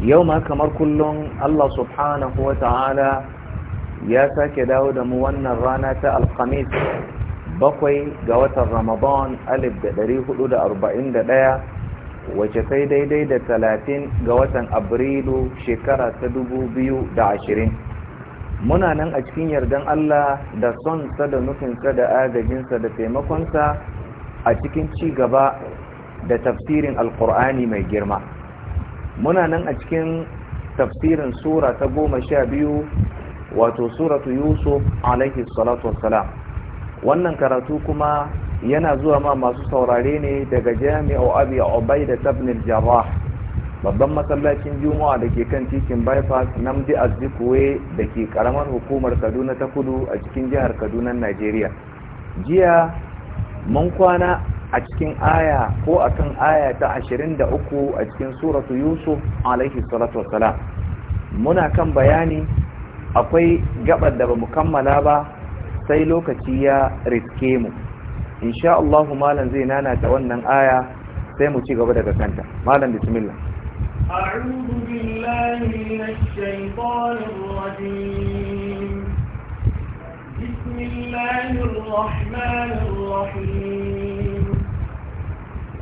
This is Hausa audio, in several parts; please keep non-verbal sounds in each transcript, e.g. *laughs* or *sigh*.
yau ma kamar kullum Allah subhanahu wa ta'ala ya sake dawo da mu wannan rana ta alkhamis bakwai ga watan ramadan alif da ɗari hudu da ɗaya wace sai daidai da talatin ga watan abrilu shekara ta dubu biyu da ashirin muna nan a cikin yardan Allah da son da nufinsa da agajinsa da taimakonsa a cikin ci gaba da tafsirin alkur'ani mai girma muna nan a cikin tafsirin sura ta goma sha biyu wato suratu yusuf alaihi salatu wassalam wannan karatu kuma yana zuwa ma masu saurare ne daga jami'a abi obai da al babban masallacin juma'a da ke kan titin bypass namdi azikwe da ke karamar hukumar kaduna ta kudu a cikin jihar kaduna nigeria. jiya mun kwana a cikin aya ko a kan aya ta ashirin da uku a cikin suratu yusuf alaihi salatu wassalam muna kan bayani akwai gabar da ba mu kammala ba sai lokaci ya riske mu insha Allah malam zai nanata wannan aya sai mu ci gaba daga kanta malam bismillah أعوذ بالله من الشيطان الرجيم بسم الله الرحمن الرحيم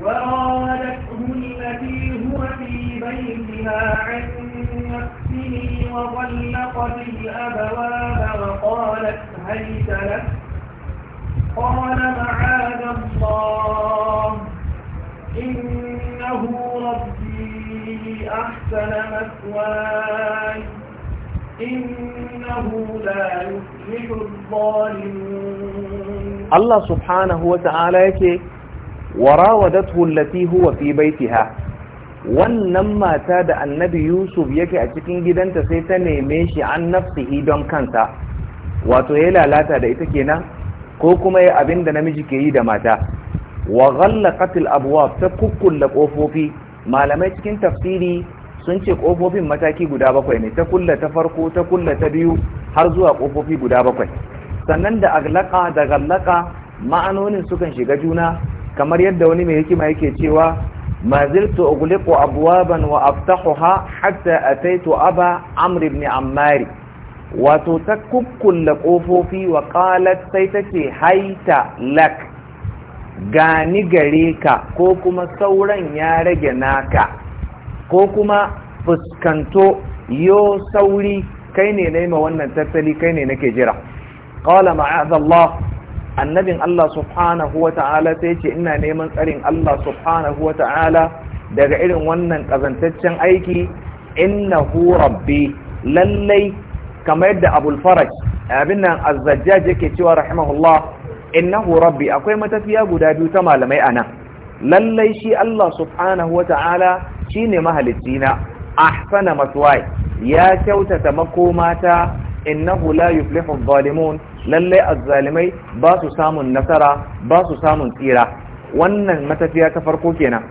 وراودته التي هو في بيتها عن نفسه وغلقت الأبواب وقالت هيت لك قال معاذ الله إنه ربي أحسن مثواي إنه لا يفلح الظالمون الله سبحانه وتعالى يكي وراودته التي هو في بيتها wannan mata da annabi yusuf yake a cikin gidanta sai ta neme shi an nafsihi don kansa wato ya lalata da ita kenan ko kuma ya abin da namiji ke yi da mata wa ghallaqatil abwab ta kukkulla kofofi malamai cikin tafsiri sun ce kofofin mataki guda bakwai ne ta kulla ta farko ta kulla ta biyu har zuwa kofofi guda bakwai sannan da aglaqa da ghallaqa ma'anonin sukan shiga juna kamar yadda wani mai hikima yake cewa ma ziltu ughliqu abwaban wa aftahuha hatta ataitu aba amr ibn ammar wato ta kukkulla wa qalat sai tace haita lak gani gare ka ko kuma sauran ya rage naka ko kuma fuskanto yo sauri kai ne ma wannan tattali kai ne nake jira qala ma'azallah annabin Allah subhanahu wa ta'ala sai ce ina neman tsarin Allah subhanahu wa ta'ala daga irin wannan ƙazantaccen aiki hu rabbi lallai kamar yadda abul abin nan azzajjaj yake cewa rahimahullah innahu rabbi akwai matafiya guda biyu ta malamai anan lallai shi Allah subhanahu wa ta'ala shine mahalicina ahsana masuwa ya kyautata makomata innahu la yuflihu adh lallai azzalimai ba su samun nasara ba su samun tsira wannan matafiya ta farko kenan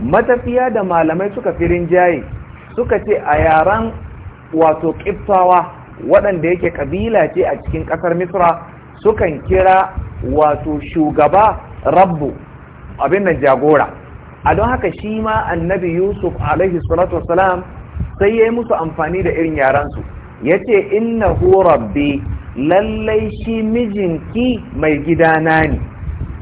matafiya da malamai suka firin jaye suka ce a yaran wato kiftawa waɗanda yake kabila ce a cikin ƙasar misra sukan kira wato shugaba rabbu abin nan jagora a don haka shi ma annabi yusuf alaihi salatu wasalam sai ya yi musu amfani da irin yaransu ya ce inna hu rabbi lallai shi mijinki mai gidana ne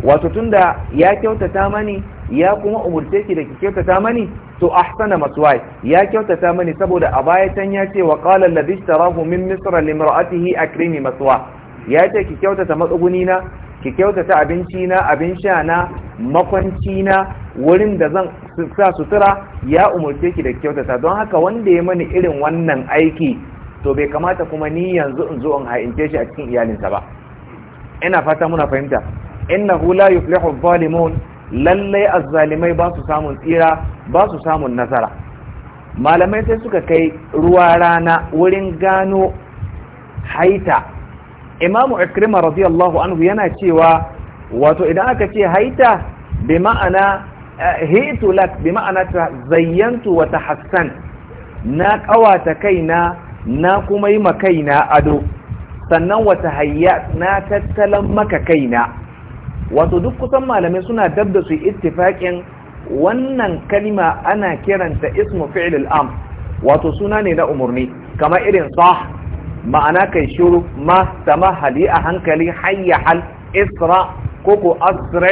wato tunda ya kyautata mani ya kuma umurce ki da ki kyautata mani to ahsana maswai ya kyautata mani saboda a baya can ya ce wa qala alladhi ishtarahu min misra limra'atihi akrimi maswa ya ce ki kyautata matsuguni na ki kyautata abinci na abin sha na makwanci na wurin da zan sa sutura ya umurce ki da kyautata don haka wanda ya mani irin wannan aiki to bai kamata kuma ni yanzu in zo in ha'ince shi a cikin iyalinsa ba ina fata muna fahimta innahu la yuflihu adh-dhalimun lallai azzalimai ba su samun tsira ba su samun nasara malamai sai suka kai ruwa rana wurin gano haita imamu ikrima radiyallahu anhu yana cewa wato idan aka ce haita bi ma'ana eh, hitu lak bi ma'ana zayyantu wa tahassan na kawata kaina na kuma yi makaina ado sannan wata hayya na tattalin maka kaina wato duk kusan malamai suna dab da su ittifaƙin wannan kalima ana kiranta ismu fi'l al wato suna ne na umurni kamar irin sah ma'ana kai shiru ma sama hali a hankali hayya hal isra koko Asra,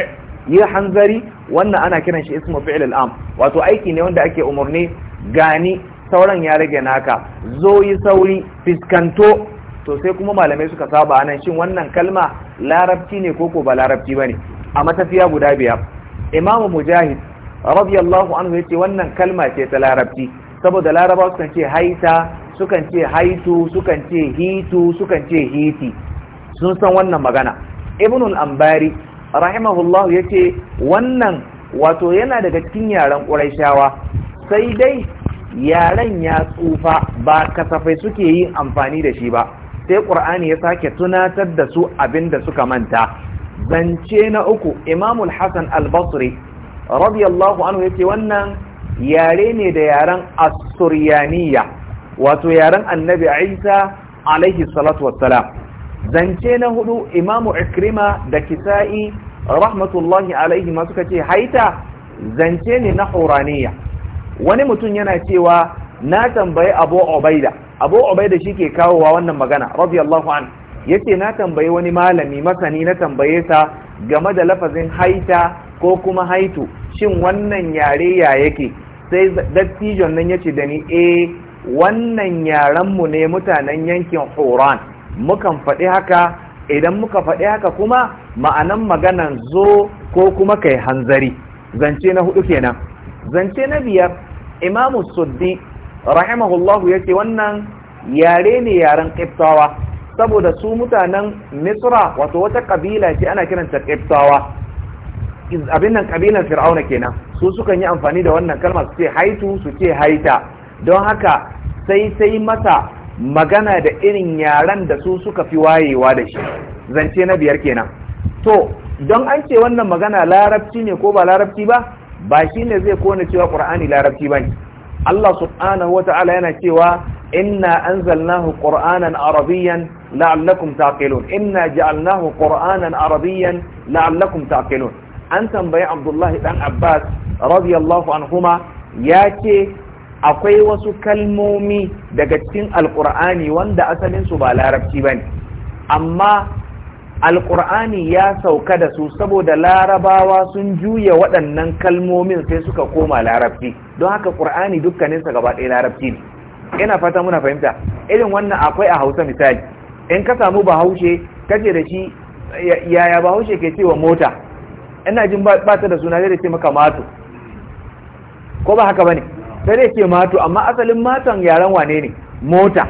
yi hanzari wannan ana kiran shi ismu fi'l al wato aiki ne wanda ake umurni gani sauran ya rage naka zo yi sauri fiskanto to sai kuma malamai suka saba nan shin wannan kalma larabci ne koko ba larabci bane a matafiya guda biyar imamu mujahid radiyallahu anhu yace wannan kalma ce ta larabci saboda laraba sukan ce haita sukan ce haitu sukan ce hitu sukan ce hiti sun san wannan magana ibn al-ambari rahimahullahu yace wannan wato yana daga cikin yaren quraishawa sai dai yaren ya tsufa ba kasafai suke yin amfani da shi ba sai ƙur'ani ya sake tunatar da su abin da suka manta zance na uku imamul hassan al-basri radiyallahu anhu yace wannan yare ne da yaren asuriyaniya wato yaren annabi isa alaihi salatu wassalam zance na hudu imamu ikrima da kisa'i rahmatullahi alaihi ma suka ce haita zance ne na horaniya wani mutum yana cewa na tambayi abu obaida abu shi ke kawowa wannan magana radiyallahu an yace na tambayi wani malami masani na tambaye sa game da lafazin haita ko kuma haitu shin wannan yare ya yake sai dattijon nan ya ce da ni eh wannan yarenmu ne mutanen yankin Horan mukan faɗi haka idan muka faɗi haka kuma ma'anan maganan zo ko kuma kai hanzari zance na hudu kenan zance na biyar imamu suddi rahimahullahu ya ce wannan yare ne yaren ƙiftawa saboda su mutanen misra wato wata kabila ce ana kiranta ƙiftawa abin nan ƙabilan fir'auna kenan su sukan yi amfani da wannan kalma su ce haitu su ce haita don haka sai sai masa magana da irin yaren da su suka fi wayewa da shi zance na biyar kenan to don an ce wannan magana larabci ne ko ba larabci ba ba ne zai kona cewa qur'ani larabci bane Allah subhanahu wata'ala yana cewa inna anzalnahu qur'anan arabiyyan la'allakum taqilun inna ja'alnahu ƙur'anan arabiyyan la'allakum taqilun an tambayi Abdullahi dan Abbas radiyallahu anhuma ce akwai wasu kalmomi daga cikin Alƙur'ani wanda asalin su ba larabci bane amma alƙur'ani ya sauka da su saboda larabawa sun juya waɗannan kalmomin sai suka koma larabci don haka ƙur'ani dukkaninsa gaba ɗaya larabci ne ina fata muna fahimta irin wannan akwai a hausa misali in ka samu bahaushe kace da shi yaya bahaushe ke cewa mota ina jin ba ta da suna zai ce maka mato ko ba haka bane sai dai ce mato amma asalin maton yaren wane ne mota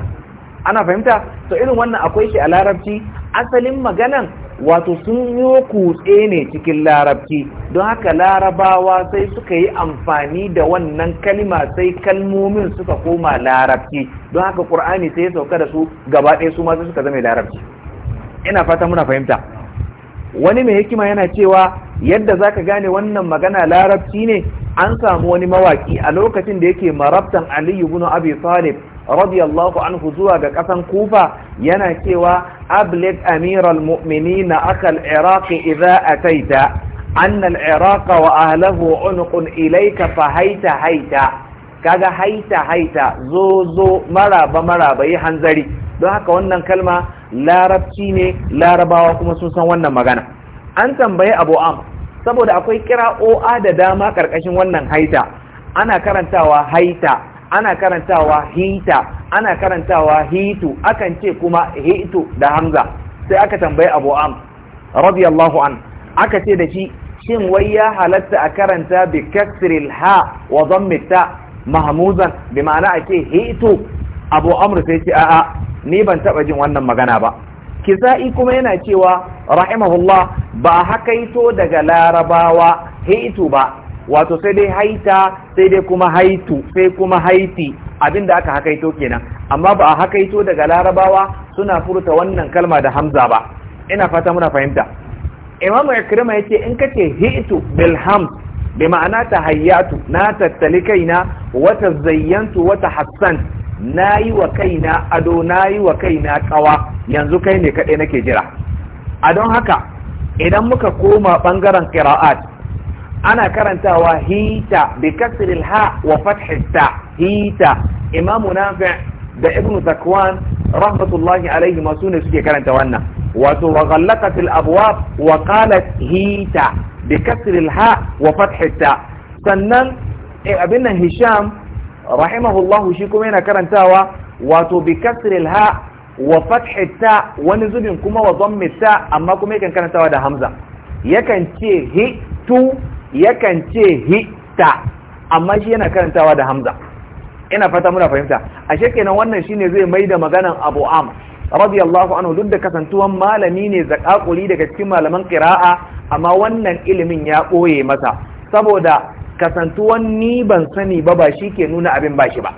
ana fahimta to irin wannan akwai shi a larabci asalin maganan wato sun yi kutse ne cikin larabci don haka larabawa sai suka yi amfani da wannan kalima sai kalmomin suka koma larabci don haka ƙur'ani sai ya sauka da su gaba ɗaya su masu suka zama larabci ina fata muna fahimta wani mai hikima yana cewa yadda zaka gane wannan magana larabci ne an samu wani mawaki a lokacin da yake marabtan aliyu bin abi talib radiyallahu anhu zuwa ga kasan kufa yana cewa ablig amiral mu'minina akal iraqi idza ataita anna al iraqa wa ahlihi unqun ilayka fa haita haita kaga haita haita zo zo maraba maraba yi hanzari don haka wannan kalma larabci ne larabawa kuma sun san wannan magana an tambaye abu am saboda akwai o'a da dama karkashin wannan haita ana karantawa haita ana karantawa hita ana karantawa hitu akan ce kuma hitu da hamza sai aka tambayi abu am radiyallahu an aka ce da shi shin wai ya halatta a karanta bi kasril ha wa dhammit ta mahmuzan bi ma'ana ake hitu abu amr sai ce a'a ni ban taba jin wannan magana ba kisa'i kuma yana cewa rahimahullah ba hakaito daga larabawa hitu ba wato sai dai haita sai dai kuma haitu sai kuma haiti abinda aka hakaito kenan amma ba a hakaito daga larabawa suna furta wannan kalma da hamza ba ina fata muna fahimta imam ikrima yace in kace hitu bil ham bi ma'ana ta Hayyatu, na tattali kaina wa tazayyantu wa tahassan nayi wa kaina ado nayi wa kaina kawa yanzu kai ne kadai nake jira a don haka idan muka koma bangaren qira'at ana karantawa hita bi kasril ha wa fathi ta hita imamu nafi' da ibnu zakwan rahmatullahi alaihi masu ne suke karanta wannan wato wa ghallaqat abwab wa qalat hita bi kasril ha wa fathi ta sannan eh, abin nan hisham rahimahullahu shi kuma yana karantawa wato bi kasril ha wa fathi ta wani zubin kuma wa dhammi ta amma kuma yakan karantawa da hamza yakan ce hi tu yakan ce hita amma shi yana karantawa da hamza ina fata muna fahimta ashe kenan wannan shine zai mai da maganan abu am radiyallahu anhu duk da kasantuwan malami ne zakakuri daga cikin malaman qira'a amma wannan ilimin ya ɓoye masa saboda kasantuwan ni ban sani ba ba shi ke nuna abin ba shi ba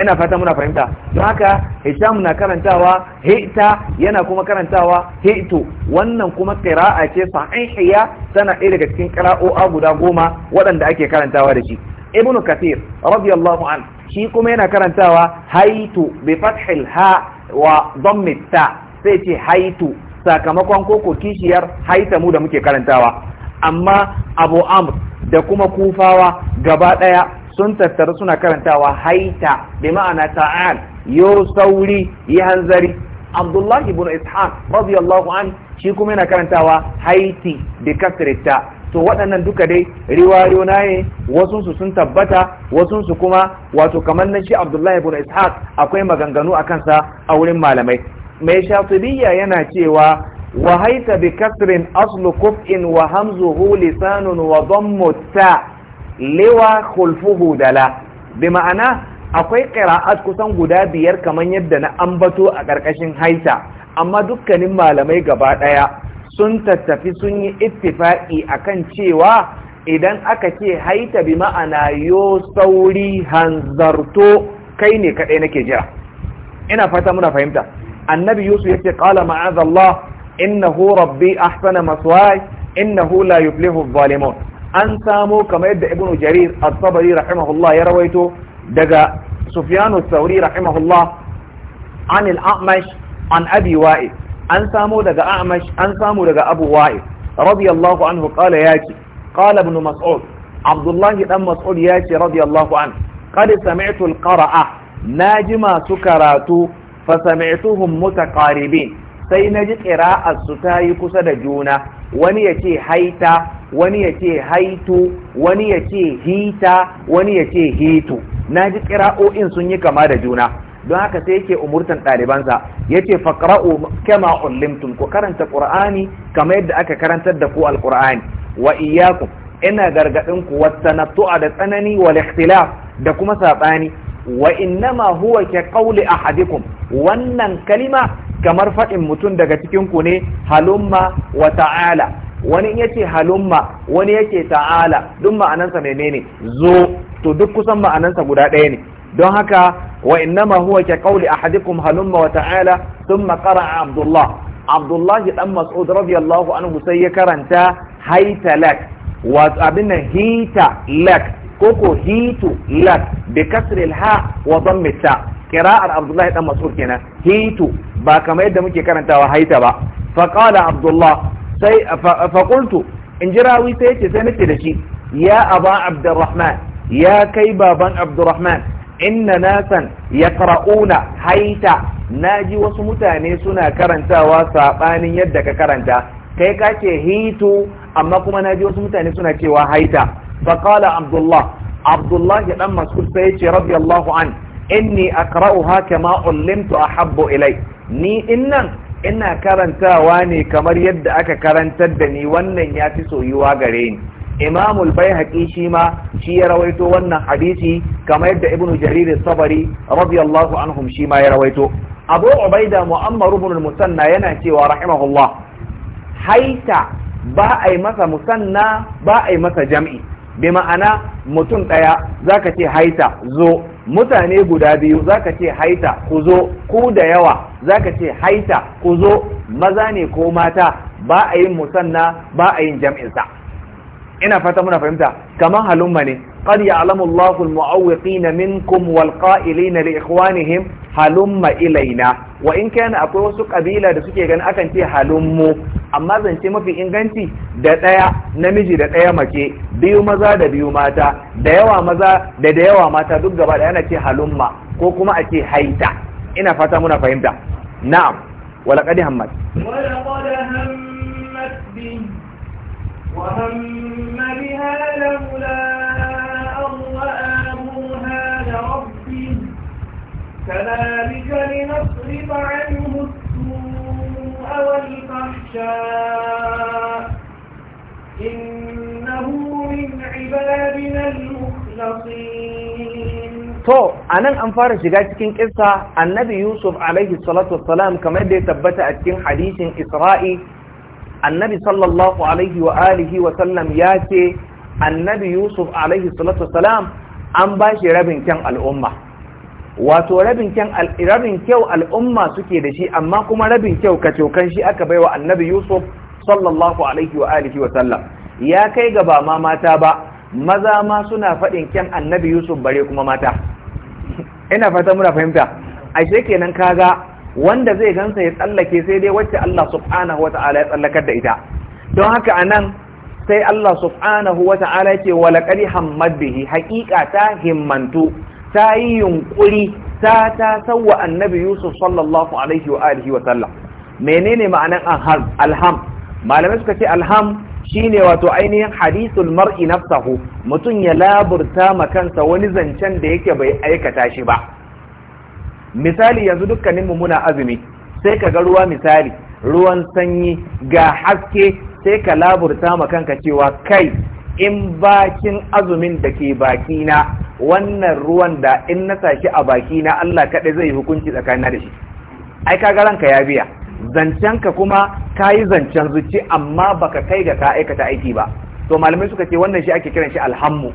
ina fata muna fahimta don haka hisham na karantawa hita yana kuma karantawa hito wannan kuma qira'a ce sahihiya tana ɗaya daga cikin qira'o'a guda goma waɗanda ake karantawa da shi ibnu kathir radiyallahu an shi kuma yana karantawa haitu bi fathil ha wa dhammi ta sai ce haitu sakamakon koko kishiyar haita mu da muke karantawa amma abu amr da kuma kufawa gaba ɗaya sun tattara suna karantawa haita bi ma'ana ta'al yo sauri yi hanzari abdullahi ibn ishaq radiyallahu an shi kuma yana karantawa haiti bi kasrita to waɗannan duka dai riwayo ne wasu su sun tabbata wasu su kuma wato kamar na shi abdullahi ibn ishaq akwai maganganu a kansa a wurin malamai mai shafiriyya yana cewa wa haita bi kasrin aslu kuf'in wa hamzuhu lisanun wa dhammu ta' lewa khulfuhu dala bi ma'ana akwai qira'at kusan guda biyar kamar yadda na ambato a ƙarƙashin haita amma dukkanin malamai gaba ɗaya sun tattafi sun yi ittifaƙi akan cewa idan aka ce haita bi ma'ana yo sauri hanzarto kai ne kaɗai nake jira ina fata muna fahimta annabi yusuf yace qala ma'azallah innahu rabbi ahsana maswaya innahu la yuflihu adh an samo kamar yadda ibn jarir as-sabari rahimahullah ya rawaito daga sufyan as-sauri rahimahullah an al-a'mash an abi wa'il an samo daga a'mash an samu daga abu wa'il radiyallahu anhu qala yaki qala ibn mas'ud abdullah dan mas'ud yaki radiyallahu anhu qad sami'tu al-qara'a najima su karatu fa sami'tuhum mutaqaribin sai na ji su ta yi kusa da juna wani ya ce haita wani ya ce haitu wani ya ce hita wani ya ce hitu na ji ƙira'o'in sun yi kama da juna don haka sai yake umurtan ɗalibansa ya ce faƙra'u kama ulimtum ku karanta ƙur'ani kamar yadda aka karantar da ku Alkur'ani. wa iyakum ina gargaɗin ku wata natu'a da tsanani wal ikhtilaf da kuma saɓani wa innama huwa ka a ahadikum wannan kalima kamar faɗin mutum daga cikin ku ne halumma wa ta'ala wani in yace halumma wani yake ta'ala duk ma'anansa menene zo to duk kusan ma'anansa guda ɗaya ne don haka wa innama huwa ka qawli ahadikum halumma wa ta'ala thumma qara'a abdullah abdullah dan mas'ud radiyallahu anhu sai ya karanta haitalak lak wa abin nan hita lak koko hitu lak bi kasri ha wa dammi ta qira'ar abdullah dan mas'ud kenan hitu ba kamar yadda muke karantawa haita ba faqala abdullah sai faqultu in jirawi sai yace sai nace da shi ya aba abdurrahman ya kai baban abdurrahman inna nasan yaqra'una haita naji wasu mutane suna karantawa saɓanin yadda ka karanta kai ka ce hitu amma kuma ji wasu mutane suna cewa haita faqala abdullah abdullah dan mas'ud sai yace Allahu an inni aqra'uha kama ullimtu ahabbu ilai ni innan ina karantawa ne kamar yadda aka karantar da ni wannan ya fi soyuwa gare ni imamul bai shi ma shi ya rawaito wannan hadisi kamar yadda ibnu jarir sabari radiyallahu anhum shi ma ya rawaito abu ubaida mu'ammar ibn musanna yana cewa rahimahullah haita ba a yi masa musanna ba a yi masa jam'i bi ma'ana mutum ɗaya zaka ce haita zo mutane guda biyu zaka ce haita ku zo ku da yawa Za ka ce haita ku zo maza ne ko mata ba a yin musanna ba a yin jam'insa ina fata muna fahimta kamar halumma ne قد muawwiqina minkum wal qa'ilina li ikhwanihim halumma ilaina wa in kana akwai wasu kabila da suke ganin akan ce halummu amma zance mafi inganci da ɗaya namiji da ɗaya mace biyu maza da biyu mata da yawa maza da da yawa mata duk gaba da yana ce halumma ko kuma a ce haita ina fata muna fahimta na'am wala qad hammat wala qad hammat bi wa hamma biha laula كذلك لنصرف عنه السوء والفحشاء إنه من عبادنا المخلصين to anan an fara shiga cikin kissa annabi yusuf alaihi salatu wassalam kamar da ya tabbata a cikin hadisin isra'i annabi sallallahu alaihi wa alihi wa sallam ya ce annabi yusuf alaihi salatu wassalam an ba shi rabin kyan al'umma wato rabin kyan rabin kyau al'umma suke da shi amma kuma rabin kyau kacokan shi aka baiwa annabi yusuf sallallahu alaihi wa alihi wa sallam ya kai gaba ma mata ba maza ma suna faɗin kyan annabi yusuf bare kuma mata ina fata muna fahimta ashe kenan kaga wanda zai gansa ya tsallake sai dai wacce Allah subhanahu wata'ala ya tsallakar da ita don haka anan sai Allah subhanahu wata'ala ke walakari hammad bihi haƙiƙa ta himmantu ta yi yunkuri ta ta sauwa annabi Yusuf sallallahu alaihi wa alihi wa sallam menene ma'anan alham malamai suka ce alham shine wato ainihin hadisul mar'i nafsahu mutum ya laburta ma kansa wani zancen da yake bai aikata shi ba misali yanzu dukkanin mu muna azumi sai ka ga ruwa misali ruwan sanyi ga haske sai ka laburta ma kanka cewa kai in bakin azumin da ke baki na wannan ruwan da in na tashi a baki na Allah kaɗai zai hukunci tsakanin da shi ai ka ranka ya biya zancenka kuma ka yi zancen zuci amma baka kai ga ka aikata aiki ba to malamai suka ce wannan shi ake kiran shi alhammu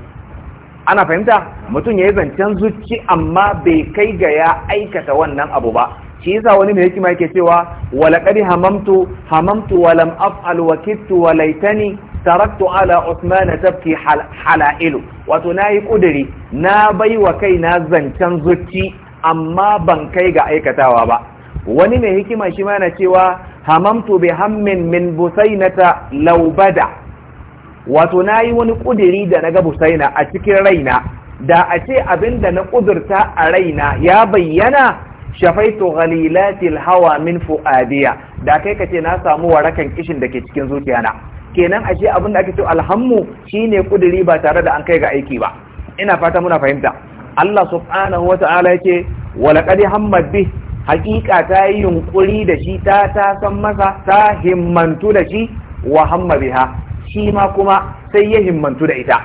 ana fahimta mutum ya yi zancen zuci amma bai kai ga ya aikata wannan abu ba shi yasa wani mai hikima yake cewa walaqad hamamtu hamamtu wa lam af'al wa kittu wa laitani taraktu ala usman tabki halailu wato nayi kudiri na baiwa kaina zancen zuci amma ban kai ga aikatawa ba wani mai hikima shi ma na cewa hamamtu bi hammin min busainata laubada wato na yi wani kudiri da na ga busaina a cikin raina da a ce abinda na kudurta a raina ya bayyana shafaitu ghalilatil hawa min fu'adiya da kai ka ce na samu warakan kishin da ke cikin zuciyana kenan ashe abin da ake cewa alhammu shine kudiri ba tare da an kai ga aiki ba ina fata muna fahimta Allah subhanahu wa ta'ala yake wa laqad hammat bih hakika ta yi yunƙuri da shi ta ta san masa ta himmantu da shi wa hamma biha shi ma kuma sai ya himmantu da ita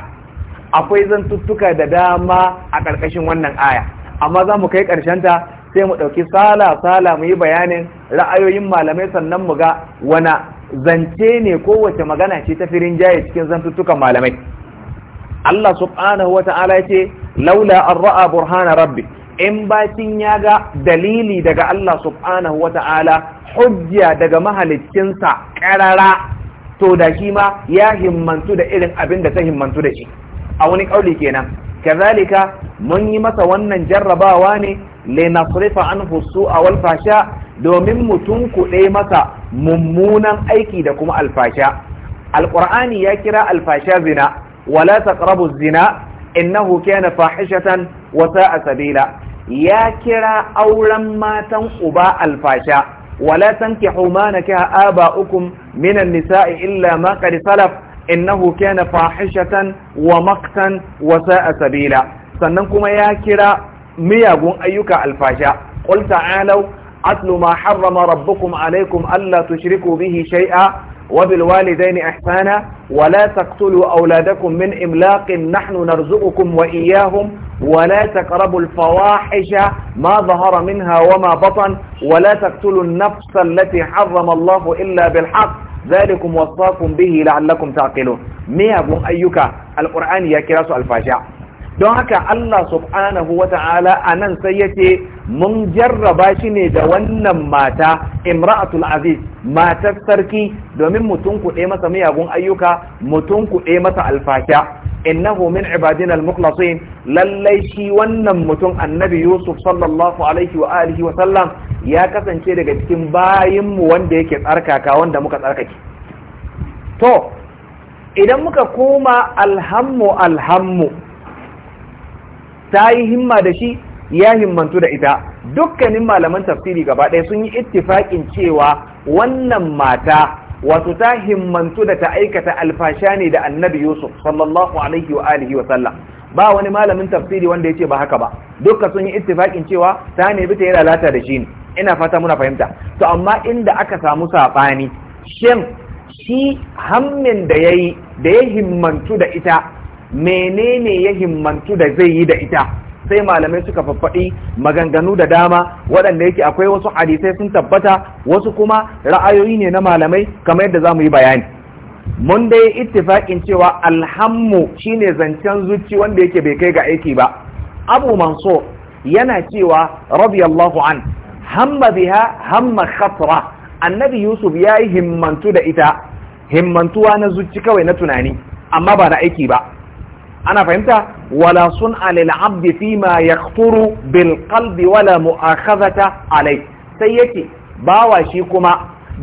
akwai zantuttuka da dama a ƙarƙashin wannan aya amma za mu kai ta sai mu ɗauki sala sala mu yi bayanin ra'ayoyin malamai sannan mu ga wana zance ne kowace magana ce ta firin jaye cikin zantuttukan malamai Allah subhanahu wa ta'ala ya ce laula an ra'a burhana rabbi in bakin ya ga dalili daga Allah subhanahu wa ta'ala hujja daga mahalicinsa ƙarara to da shi ma ya himmantu da irin abin da ta himmantu da shi a wani ƙauli kenan kazalika mun yi masa wannan jarrabawa ne le nasrifa an fusu a walfasha domin mutum kuɗe masa mummunan aiki da kuma alfasha alƙur'ani ya kira alfasha zina wala taqrabu zina innahu kana fahishatan wa sa'a sabila ya kira auren matan uba alfasha wala tankihu ma nakaha aba'ukum minan nisa'i illa ma qad salaf innahu kana fahishatan wa maqtan wa sa'a sabila sannan kuma ya kira miyagun ayyuka alfasha qul ta'alu atlu ma harrama rabbukum alaykum alla tushriku bihi shay'a وبالوالدين إحسانا ولا تقتلوا أولادكم من إملاق نحن نرزقكم وإياهم ولا تقربوا الفواحش ما ظهر منها وما بطن ولا تقتلوا النفس التي حرم الله إلا بالحق ذلكم وصاكم به لعلكم تعقلون ميابون أيك القرآن يا كراسو الفاجع don haka Allah subhanahu wa ta'ala a nan sai yake mun jarraba shi ne da wannan mata imra'atul aziz matar sarki domin mutum kuɗe masa miyagun ayyuka mutum kuɗe masa alfasha innahu min ibadina al muklasin lallai shi wannan mutum annabi yusuf sallallahu alaihi wa alihi sallam ya kasance daga cikin bayinmu wanda yake tsarkaka wanda muka tsarkake to idan muka koma alhammu alhammu ta yi himma da shi ya himmantu da ita dukkanin malaman tafsiri gaba ɗaya sun yi ittifaƙin cewa wannan mata wato ta himmantu da ta aikata alfasha ne da annabi yusuf sallallahu alaihi wa alihi wa sallam ba wani malamin tafsiri wanda ya ce ba haka ba dukka sun yi ittifaƙin cewa ta nemi ta yi lalata da shi ne ina fata muna fahimta to amma inda aka samu saɓani shin shi hammin da ya yi da ya himmantu da ita menene ya himmantu da zai yi da ita sai malamai suka faffaɗi maganganu da dama waɗanda yake akwai wasu hadisai sun tabbata wasu kuma ra'ayoyi ne na malamai kamar yadda za mu yi bayani mun dai ittifaƙin cewa alhammu shine zancen zuci wanda yake bai kai ga aiki ba abu mansur yana cewa radiyallahu an hamma biha hamma khatra annabi yusuf ya yi himmantu da ita himmantuwa na zuci kawai na tunani amma ba na aiki ba ana fahimta wala sun alil abdi fi ma yaqturu bil kalbi wala mu'akhazata alai sai yake bawa shi kuma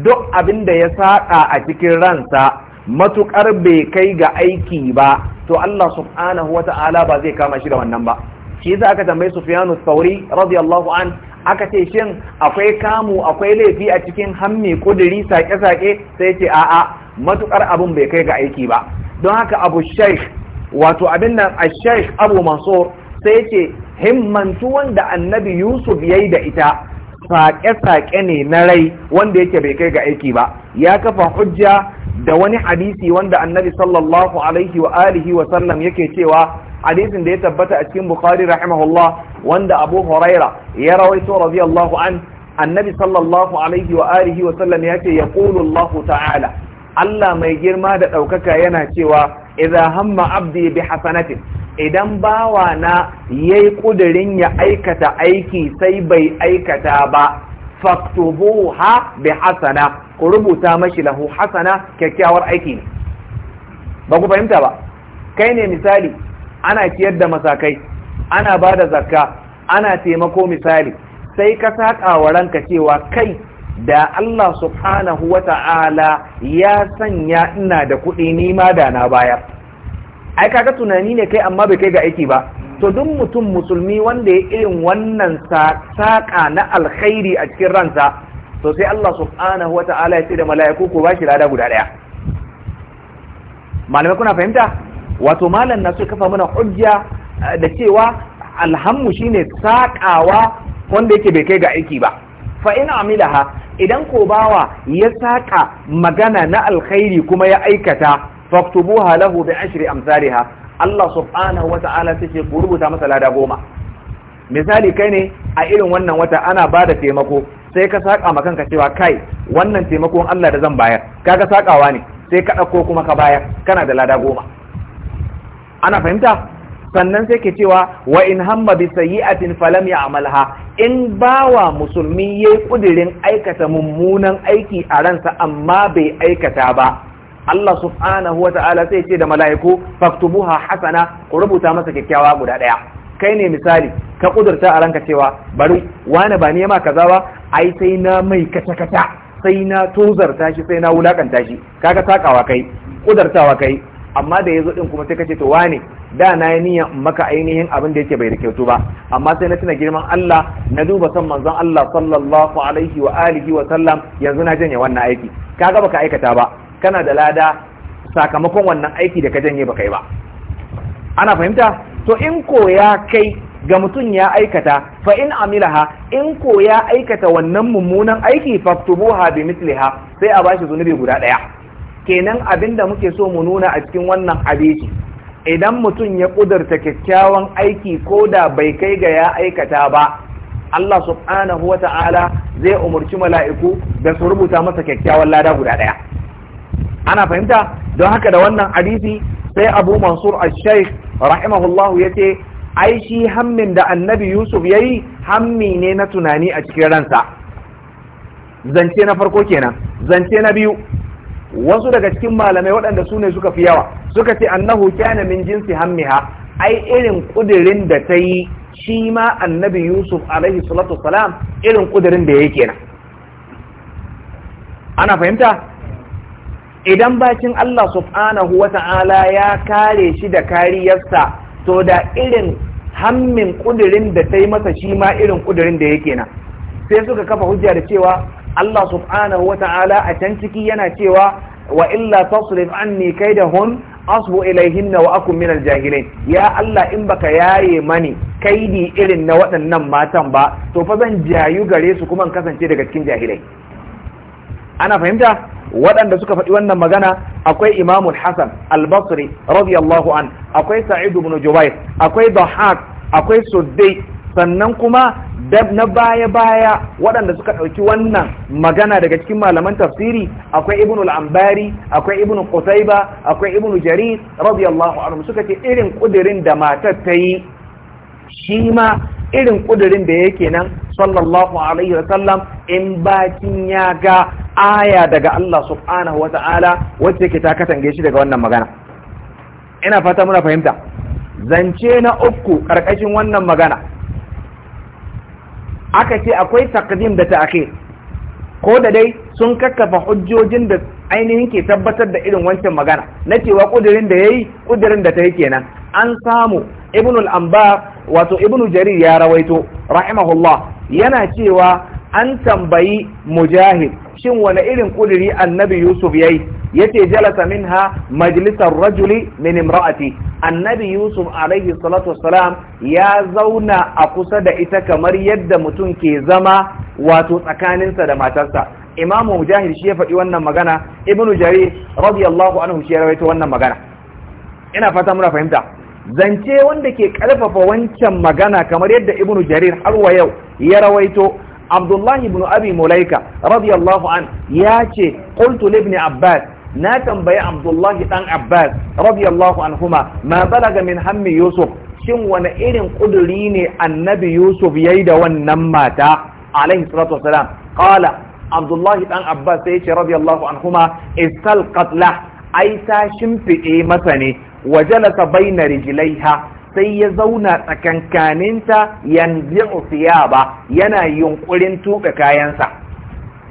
duk abin da ya saƙa a cikin ransa matuƙar bai kai ga aiki ba to Allah subhanahu ta'ala ba zai kama shi da wannan ba shi yasa aka tambayi Sufiyanu sauri radiyallahu an aka ce shin akwai kamu akwai laifi a cikin hammi kuduri sake sake sai ce a'a matukar abin bai kai ga aiki ba don haka Abu sheikh. wato abin nan a sheikh abu mansur sai ce himmantuwan da annabi yusuf ya yi da ita saƙe-saƙe ne na rai wanda yake bai kai ga aiki ba ya kafa hujja da wani hadisi wanda annabi sallallahu alaihi wa alihi wa sallam yake cewa hadisin da ya tabbata a cikin bukhari rahimahullah wanda abu huraira ya rawaito radiyallahu an annabi sallallahu alaihi wa alihi wa sallam ya ce ya allah ta'ala Allah mai girma da ɗaukaka yana cewa idan hamma abdi bi hasanatin idan bawa na yayi kudirin ya aikata aiki sai bai aikata ba faktubuha bi hasana ku rubuta mashi lahu hasana kyakkyawar aiki ne ba ku fahimta ba kai ne misali ana ciyar da masakai ana ba da zakka ana taimako misali sai ka saƙa wa ranka cewa kai da Allah subhanahu wa ta'ala ya sanya ina da kuɗi nima da na baya. ai kaga tunani ne kai amma bai kai ga aiki ba to duk mutum musulmi wanda ya irin wannan saƙa na alkhairi a cikin ransa to sai Allah subhanahu wa ta'ala ya ce da mala'iku ko ba shi lada guda ɗaya malamai kuna fahimta wato malam na so kafa mana hujja eh, da cewa alhammu shine saƙawa wanda yake bai kai ga aiki ba fa in amilaha idan ko bawa ya saka magana na alkhairi kuma ya aikata faktubuha lahu bi ashri amsalha Allah subhanahu wata'ala take ku rubuta masa lada goma misali kai ne a irin wannan wata ana bada taimako sai ka saka ma kanka cewa kai wannan taimakon Allah da zan bayar kaga sakawa ne sai ka dauko kuma ka bayar kana da lada goma ana fahimta sannan sai ke cewa wa in hamma bi sayyi'atin falam ya'malha in bawa musulmi yayi kudirin aikata mummunan aiki a ransa amma bai aikata ba Allah subhanahu wa sai ce da mala'iku faktubuha hasana ku rubuta masa kyakkyawa guda daya kai ne misali ka kudurta a ranka cewa bari wani ba ne ma kaza ba ai sai na mai kata kata sai na tozarta shi sai na wulakanta shi kaga takawa kai kudurtawa kai amma da yazo din kuma sai kace to wane da na yi niyan maka ainihin abin da yake bai da kyautu ba amma sai na tuna girman Allah na duba san manzon Allah sallallahu alaihi wa alihi wa sallam yanzu na janye wannan aiki kaga baka aikata ba kana da lada sakamakon wannan aiki da ka janye baka yi ba ana fahimta to in koya kai ga mutum ya aikata fa in amilaha in ko ya aikata wannan mummunan aiki faktubuha bi misliha sai a bashi zunubi guda daya kenan abinda muke so mu nuna a cikin wannan hadisi idan mutum ya ƙudurta kyakkyawan aiki ko da bai kai ga ya aikata ba Allah subhanahu wa ta'ala zai umarci mala'iku da su rubuta masa kyakkyawan lada guda ɗaya ana fahimta don haka da wannan hadisi sai abu mansur al-shaikh rahimahullahu ya ce ai shi hammin da annabi yusuf ya yi hammi ne na tunani a cikin ransa zance na farko kenan zance na biyu wasu daga cikin malamai waɗanda su ne suka fi yawa suka ce annahu kana min jinsi hammiha ai irin kudirin da ta yi shi ma annabi yusuf alaihi salatu Salam irin kudirin da ya kenan ana fahimta idan bakin Allah subhanahu wa ta'ala ya kare shi da kariyarsa to da irin hammin ƙudirin da ta yi masa shi ma irin kudirin da yake na sai suka kafa hujja da cewa Allah subhanahu wa ta'ala a can ciki yana cewa wa illa tasrif anni kaidahun asbu na wa akun minal jahilin ya Allah in baka yaye mani kaidi irin na waɗannan matan ba to fa zan jayu gare su kuma kasance daga cikin jahilai ana fahimta waɗanda suka faɗi wannan magana akwai imamul hasan albasri basri radiyallahu an akwai Sa'idu ibn jubair akwai dhahak akwai suddai sannan kuma na baya-baya waɗanda suka ɗauki wannan magana daga cikin malaman tafsiri akwai ibn al-Ambari, akwai ibn qutaiba akwai ibn jarir radiyallahu anhu suka ce irin ƙudirin da matar ta yi shi ma irin ƙudirin da yake nan sallallahu alaihi wasallam in bakin ya ga aya daga Allah subhanahu wata'ala wacce ke ta katange shi daga wannan magana ina fata muna fahimta zance na uku ƙarƙashin wannan magana aka ce akwai takdim da ta'khir ko da dai sun kakkafa hujjojin da ainihin ke tabbatar da irin wancan magana na cewa kudirin da yayi kudirin da ta yi kenan an samu ibnul anba wato ibnu jarir ya rawaito rahimahullah yana cewa an tambayi mujahid shin wani irin kuduri annabi yusuf yayi ce Jala minha majlisar rajuli min imra'ati annabi yusuf alaihi salatu wassalam ya zauna a kusa da ita kamar yadda mutum ke zama wato tsakaninsa da matarsa imamu mujahid shi ya faɗi wannan magana ibnu jarir radiyallahu anhu shi ya rawaito wannan magana ina fata muna fahimta zance wanda ke ƙarfafa wancan magana kamar yadda ibnu jarir har wa yau ya rawaito abdullahi ibn abi mulaika radiyallahu an ya ce qultu ibn abbas na tambayi abdullahi dan abbas radiyallahu anhuma ma balaga min hammi yusuf shin wani irin kuduri ne annabi yusuf yayi da wannan mata alaihi salatu wasalam qala abdullahi dan abbas sai ce radiyallahu anhuma istalqat lah ai ta shimfiɗe masa ne wa jalasa baina rijlaiha sai ya zauna tsakankaninta yanzu ba yana yunkurin tuka kayansa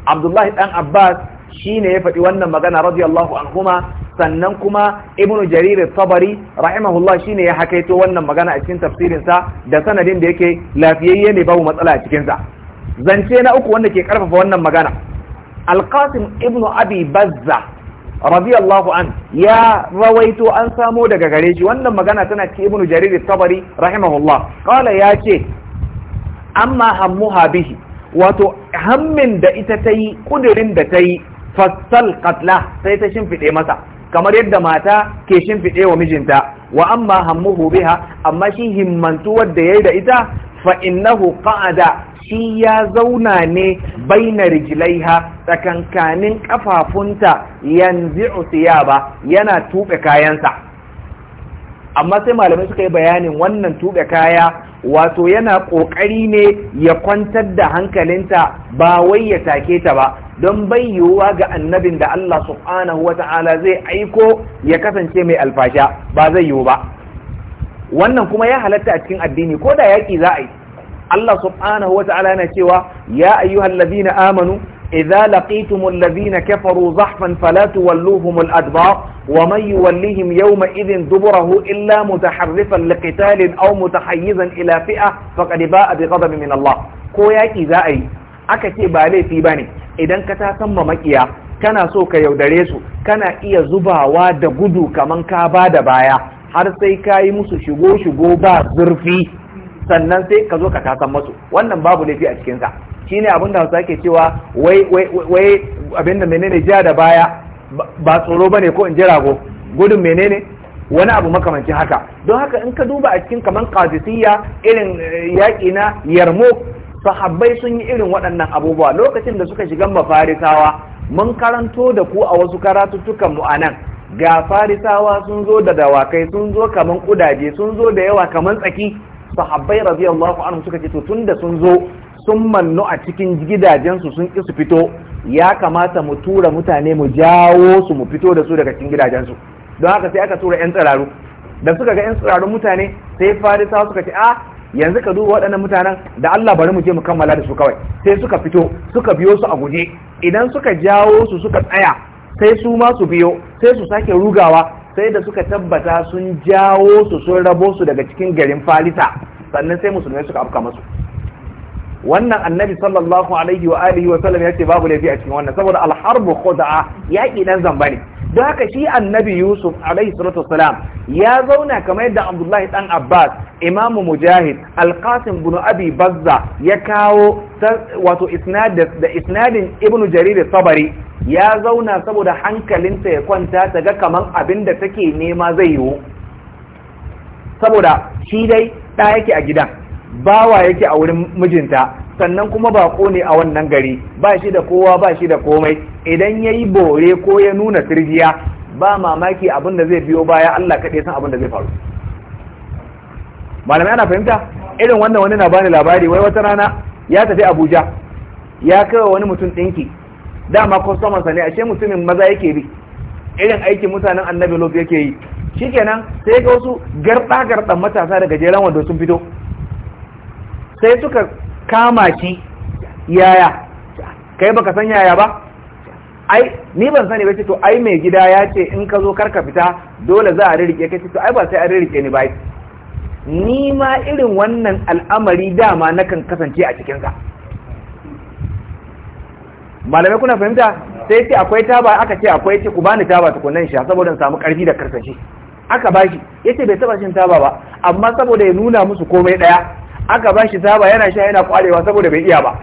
abdullahi dan abbas shi ne ya faɗi wannan magana radiyallahu anhuma sannan kuma ibnu jarir tabari rahimahullah shine ya hakaito wannan magana a cikin tafsirinsa da sanadin da yake lafiyayye ne babu matsala a cikinsa zance na uku wanda ke karfafa wannan magana alqasim ibnu abi bazza radiyallahu an ya rawaito an samo daga gare shi wannan magana tana ci ibnu jarir at-tabari rahimahullah qala ya ce amma hammuha bihi wato hammin da ita ta yi kudirin da ta yi fassal katla sai ta shimfiɗe masa kamar yadda mata ke shimfiɗe wa mijinta wa amma hammuhu biha amma shi himmantu wadda yayi da ita fa innahu qa'ada shi ya zauna ne baina rijlaiha tsakankanin kafafunta yanzu ba yana tuɓe kayansa amma sai malamai suka yi bayanin wannan tuɓe kaya wato yana ƙoƙari ne ya kwantar da hankalinta ba wai ya take ta ba don bayyowa ga annabin da Allah subhanahu wa ta'ala zai aiko ya kasance mai alfasha ba zai yiwu ba wannan kuma ya halatta a cikin addini ko da yaƙi za a yi Allah subhanahu wa ta'ala yana cewa ya ayyuhallazina amanu idza laqitumul ladhina kafaru zahfan fala tuwalluhumul adbar wa man yuwallihim yawma idhin duburahu illa mutaharrifan liqitalin aw mutahayyizan ila fi'a faqad ba'a bighadabin min Allah ko yaki za a yi aka ce ba laifi bane idan ka ta makiya kana so ka yaudare su kana iya zubawa da gudu kaman ka ba da baya har sai ka yi musu shigo shigo ba zurfi sannan sai ka zo ka kasan masu wannan babu laifi a cikinsa shi ne abin da hausa ke cewa wai abin da menene jiya da baya ba tsoro ba ne ko in jira rago gudun menene wani abu makamancin haka don haka in ka duba a cikin kamar kazisiya irin eh, yaƙi na yarmo sahabbai sun yi irin waɗannan abubuwa lokacin da suka shiga mafarisawa mun karanto da ku a wasu karatuttukan mu anan ga farisawa sun zo da dawakai sun zo kaman kudaje sun zo da yawa kaman tsaki sahabbai radiyallahu anhu suka ce to tunda sun zo sun mannu a cikin gidajensu sun isu fito ya kamata mu tura mutane mu jawo su mu fito da su daga cikin gidajensu don haka sai aka tura 'yan tsiraru da suka ga 'yan tsirarun mutane sai farisawa suka ce a ah, yanzu ka duba waɗannan mutanen da Allah bari mu je mu kammala da su kawai sai suka fito suka biyo su a guje idan suka jawo su suka tsaya sai su ma su biyo sai su sake rugawa sai da suka tabbata sun jawo su sun rabo su daga cikin garin falita sannan sai musulmai suka afka masu wannan annabi sallallahu alaihi wa alihi wa sallam ya ce babu laifi a cikin wannan saboda alharbu khud'a yaki dan zamba ne don haka shi annabi yusuf alaihi salatu wasalam ya zauna kamar yadda abdullahi Ɗan abbas imamu mujahid alqasim bin abi bazza ya kawo wato da isnadin ibnu jarir sabari ya zauna saboda hankalinta ya kwanta ta ga kamar abin da take nema zai yiwu saboda shi dai ɗa yake a gidan bawa yake a wurin mijinta sannan kuma bako ne a wannan gari ba shi da kowa ba shi da komai idan ya yi bore ko ya nuna turjiya ba mamaki abin da zai biyo baya Allah kaɗai san abin da zai faru malamai ana fahimta irin wannan wani na bani labari wai wata rana ya tafi Abuja ya kai wani mutum ɗinki dama kwastoman sa ne ashe mutumin maza yake bi irin aikin mutanen annabi lot yake yi shi shikenan sai ga wasu garɗa-garɗan matasa daga jeren wanda sun fito sai suka kama ki yaya kai baka san yaya ba ai ni ban sani ba ce to ai mai gida ya ce in ka zo karka fita dole za a rirke ka ce to ai ba sai a rirke ni ba ni ma irin wannan al'amari dama na kan kasance a cikinsa malamai kuna fahimta sai ce akwai taba aka ce akwai ce ku bani taba tukunan shi saboda samu karfi da karsashi aka bashi yace bai taba shin taba ba amma saboda ya nuna musu komai daya aka ba shi saba yana sha yana kwarewa saboda bai iya ba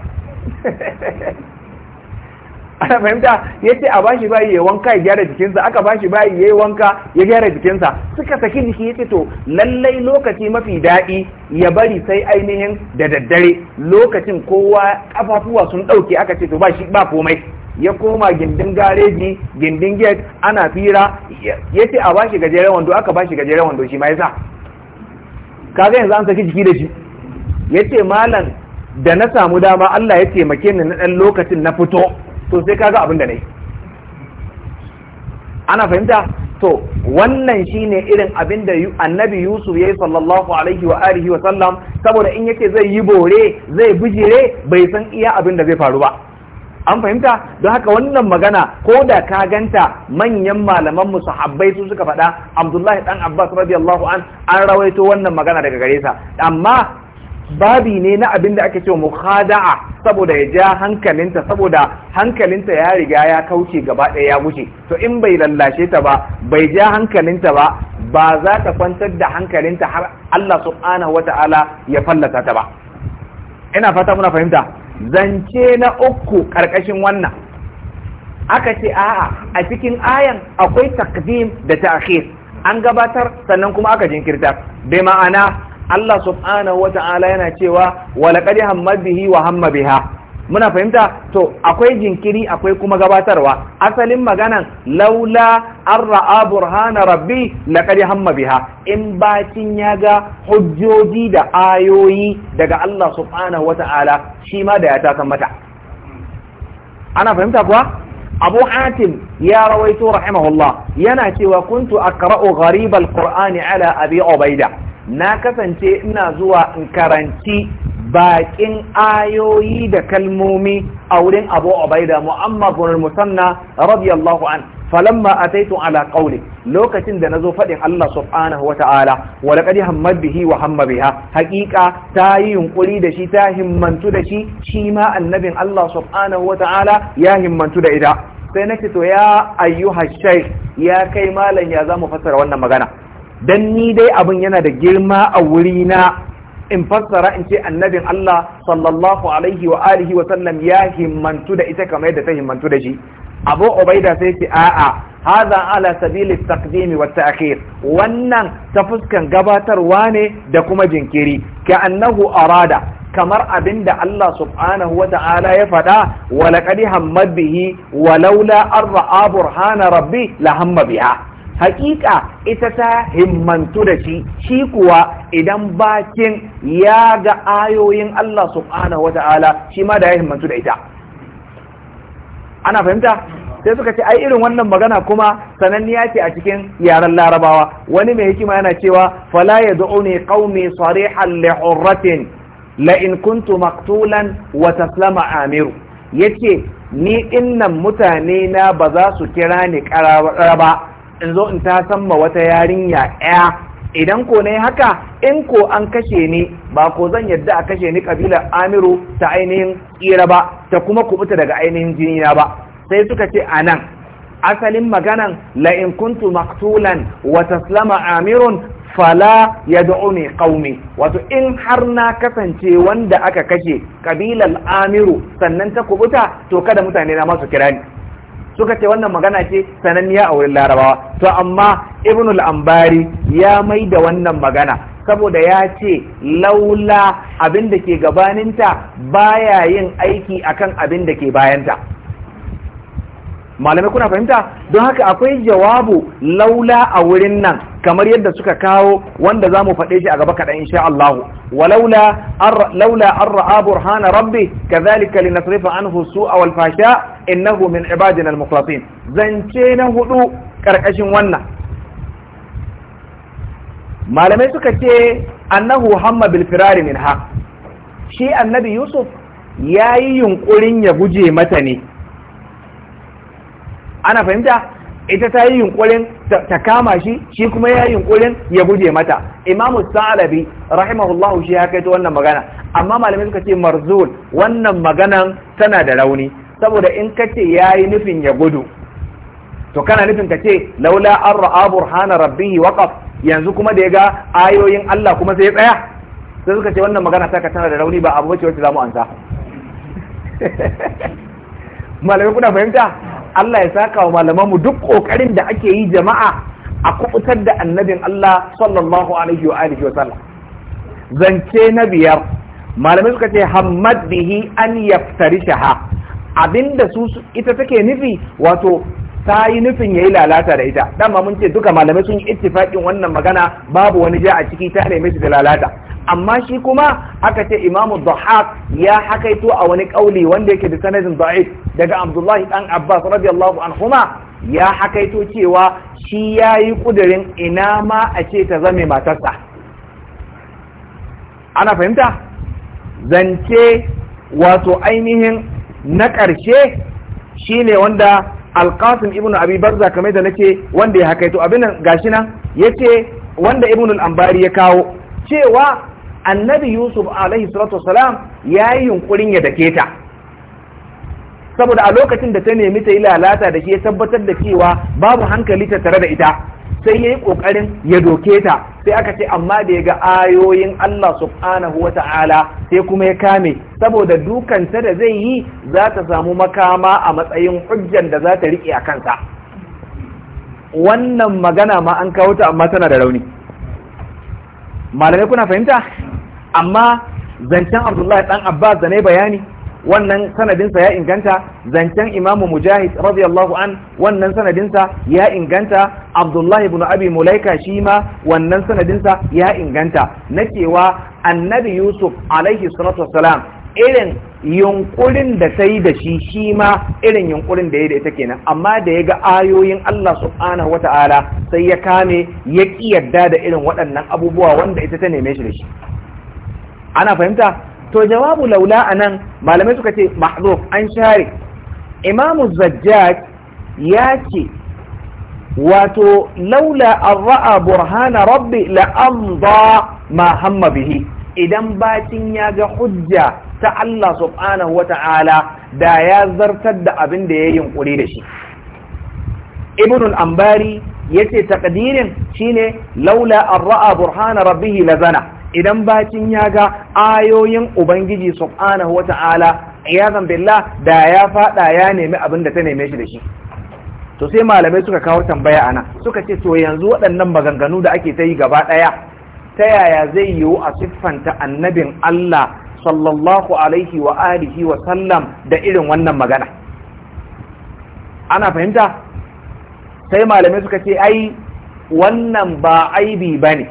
ana fahimta ya ce a bashi bayi ya wanka ya gyara jikinsa aka ba shi bayi ya wanka ya gyara jikinsa suka saki jiki ya ce to lallai lokaci mafi daɗi ya bari sai ainihin da daddare lokacin kowa kafafuwa sun ɗauke aka ce to ba shi ba komai ya koma gindin gareji gindin gate ana fira ya ce a ba shi gajeren wando aka ba shi gajeren wando shi ma ya sa kaga yanzu an saki jiki da shi yace malam da na samu dama Allah ya taimake ni na ɗan lokacin na fito to sai ga abin da yi, ana fahimta to wannan shine irin abin da annabi Yusuf ya yi sallallahu alaihi wa alihi wa sallam saboda in yace zai yi bore zai bijire bai san iya abin da zai faru ba an fahimta don haka wannan magana ko da ka ganta manyan malaman mu sahabbai su suka faɗa Abdullahi Ɗan Abbas radiyallahu an an rawaito wannan magana daga gare sa amma babi ne na abin da ake cewa mukhada'a saboda ya ja hankalinta saboda hankalinta ya riga ya kauce gaba ɗaya ya wuce to in bai lallashe ta ba bai ja hankalinta ba ba za ta kwantar da hankalinta har Allah subhanahu wata'ala ya fallata ta ba ina fata muna fahimta zance na uku karkashin wannan aka ce a'a a cikin ayan akwai takdim da ta'khir an gabatar sannan kuma aka jinkirta bai ma'ana Allah subhanahu wa ta'ala yana cewa wa laqad wa hamma biha muna fahimta to akwai jinkiri akwai kuma gabatarwa asalin maganan laula an ra'a burhana rabbi laqad hamma biha in bacin ya ga hujjoji da ayoyi daga Allah subhanahu ta'ala shi ma da ya ta san mata ana fahimta kuwa Abu Hatim ya rawaito rahimahullah yana cewa kuntu aqra'u gharib qurani ala Abi Ubaida na kasance ina zuwa in karanci bakin ayoyi da kalmomi a wurin abu ubaida mu'ammar bin musanna radiyallahu an falamma ataitu ala qawli lokacin da nazo fadin Allah subhanahu wata'ala wa laqad hammat bihi wa hamma biha haqiqa ta yi yunkuri da shi ta himmantu da shi shi ma annabin Allah subhanahu wata'ala ya himmantu da ita sai nake to ya ayyuha shaykh ya kai malam ya zamu fassara wannan magana dan ni dai abin yana da girma a wuri na in fassara in ce annabin Allah sallallahu alaihi wa alihi wa sallam ya himmantu da ita kamar yadda ta himmantu da shi Abu Ubaida sai ce a'a hadha ala sabili taqdim wa ta'khir wannan ta fuskan gabatarwa ne da kuma jinkiri ka annahu arada kamar abinda Allah subhanahu wa ta'ala ya faɗa wa laqad hammat bihi wa laula arra'a burhana rabbi la hamma biha hakika ita ta himmantu da shi shi kuwa idan bakin ya ga ayoyin Allah subhanahu ta'ala. shi ma da ya himmantu da ita ana fahimta sai suka ce ai irin wannan magana kuma sananniya ce a cikin yaren larabawa wani mai hikima yana cewa fala ya yad'uni ne sarihan li'urratin la in kuntu maktulan wa taslama amiru ce ni innan mutane na ba za su kira ni ƙara ba in zo in ta ma wata yarinya ɗaya idan ko ne haka in ko an kashe ni ba ko zan yadda a kashe ni kabilar amiru ta ainihin tsira ba ta kuma kubuta daga ainihin jinina ba sai suka ce a nan asalin maganan la'in kuntu maktulan wa taslama amirun fala ya ne kaumi wato in har na kasance wanda aka kashe kabilar amiru sannan ta kubuta to kada mutane na masu kira ni suka ce wannan magana ce sananniya a wurin larabawa to amma ibn ambari ya mai da wannan magana saboda ya ce laula abin da ke gabaninta baya yin aiki akan abin da ke bayanta malamai kuna fahimta don haka akwai jawabu laula a wurin nan kamar yadda suka kawo wanda za mu faɗe shi a gaba kaɗan insha Allah walaula laula an ra'a burhana rabbi kadhalika linasrifa anhu su'a wal fasha innahu min ibadina al mukhlasin zance na hudu karkashin wannan malamai suka ce annahu hamma bil firari minha shi annabi yusuf yayi yunkurin ya guje mata ne ana fahimta ita ta yi yunkurin ta kama shi shi kuma ya yi yunkurin ya guje mata imamu salabi rahimahullahu shi ya ita wannan magana amma malamai suka ce marzul wannan maganan tana da rauni saboda in ka ce ya yi nufin ya gudu to kana nufin ka ce laula an ra'a burhana rabbihi waqaf yanzu kuma da ya ga ayoyin Allah kuma sai ya tsaya sai suka ce wannan magana ta tana da rauni ba abu bace wacce zamu ansa *laughs* malamai kuna fahimta Allah ya saka wa malaman mu duk kokarin da ake yi jama'a a kubutar da annabin Allah sallallahu alaihi wa alihi wa sallam zance na biyar malamai suka ce hammad bihi an shaha. abinda su ita take nufi wato ta yi nufin ya yi lalata da ita dama mun ce duka malamai sun yi ittifaƙin wannan magana babu wani ja a ciki ta neme shi da lalata amma shi kuma aka ce imamu dhahab ya hakaito a wani kauli wanda yake da sanadin da'if daga abdullahi dan abbas radiyallahu anhuma ya hakaito cewa shi ya yi kudirin ina ma a ce ta zame matarsa ana fahimta zance wato ainihin na ƙarshe ne wanda alkasim ibn abi barza kamar da nake wanda ya hakaito abin nan gashi nan yace wanda ibn al-ambari ya kawo cewa annabi yusuf alaihi salatu wasalam ya yi yunkurin ya dake ta saboda a lokacin da ta nemi ta yi lalata da shi ya tabbatar da cewa babu hankali ta tare da ita sai ya yi ƙoƙarin ya doke ta sai aka ce amma da ya ga ayoyin Allah subhanahu wa ta'ala sai kuma ya kame saboda dukanta da zai yi za ta samu makama a matsayin hujjan da za ta riƙe a kansa wannan magana ma an kawo ta amma tana da rauni malamai kuna fahimta amma zancen abdullahi dan abbas da ne bayani wannan sanadinsa ya inganta zancen imamu mujahid radiyallahu an wannan sanadinsa ya inganta abdullahi ibn abi mulaika shi ma wannan sanadinsa ya inganta na cewa annabi yusuf alaihi salatu wassalam irin yunkurin da ta yi da shi shi ma irin yunkurin da ya da ita kenan amma da ya ga ayoyin Allah subhanahu Ta'ala, sai ya kame ya ƙi yadda da irin waɗannan abubuwa wanda ita ta neme shi da shi ana fahimta to jawabu laula anan malamai suka ce mahdhuf an share imamu zajjaj ya ce wato laula an ra'a burhana rabbi la'amda ma hamma bihi idan bacin ya ga hujja ta Allah subhanahu wata'ala da ya zartar da abin da ya yunkuri da shi ibnul ambari yace taqdirin shine laula an ra'a burhana rabbihi lazana idan bakin ya ga ayoyin ubangiji subhanahu ya iyazan billah da ya faɗa ya nemi abin da ta neme shi da shi to sai malamai suka kawo tambaya ana suka ce to yanzu waɗannan maganganu da ake ta yi gaba ɗaya ta yaya zai yiwu a siffanta annabin Allah sallallahu alaihi wa alihi wa sallam da irin wannan magana ana fahimta sai malamai suka ce ai wannan ba aibi bane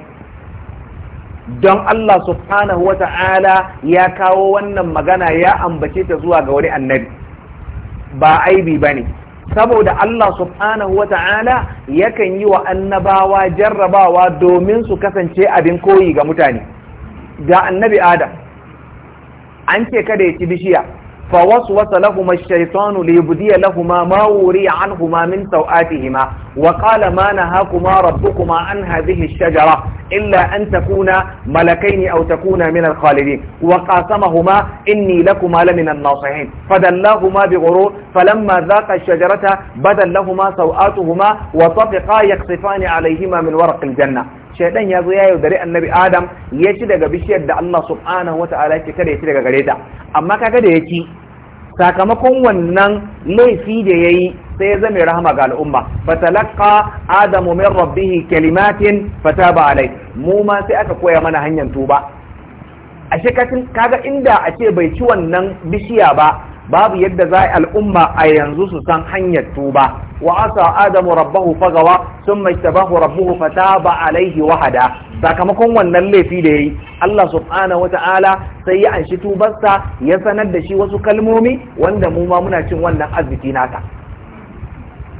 don Allah subhanahu wata'ala ya kawo wannan magana ya ambace ta zuwa ga wani annabi ba aibi bane saboda Allah subhanahu wata'ala yakan yi wa annabawa jarrabawa domin su kasance abin koyi ga mutane ga annabi Adam an ce kada ya ci bishiya فوسوس لهما الشيطان ليبدي لهما ما وري عنهما من سوآتهما وقال ما نهاكما ربكما عن هذه الشجرة إلا أن تكونا ملكين أو تكونا من الخالدين وقاسمهما إني لكما لمن الناصحين فدلاهما بغرور فلما ذاق الشجرة بدل لهما سوآتهما وطفقا يقصفان عليهما من ورق الجنة shaidan ya zo ya yaudari annabi adam ya ci daga bishiyar da Allah subhanahu wa ta'ala ya kada ya ci daga gare ta amma kaga da ya ci sakamakon wannan laifi da ya sai ya zame rahama ga al'umma fatalaqa adamu min rabbih kalimatin fataba alai mu ma sai aka koya mana hanyar tuba a shekatin kaga inda a ce bai ci wannan bishiya ba babu yadda za a al'umma a yanzu su san hanyar tuba wa asa adamu rabbahu fagawa sun mai tabahu rabbuhu fataba alaihi wahada sakamakon wannan laifi da yi Allah subhanahu wata'ala sai ya anshi tubarsa ya sanar da shi wasu kalmomi wanda mu ma muna cin wannan arziki nata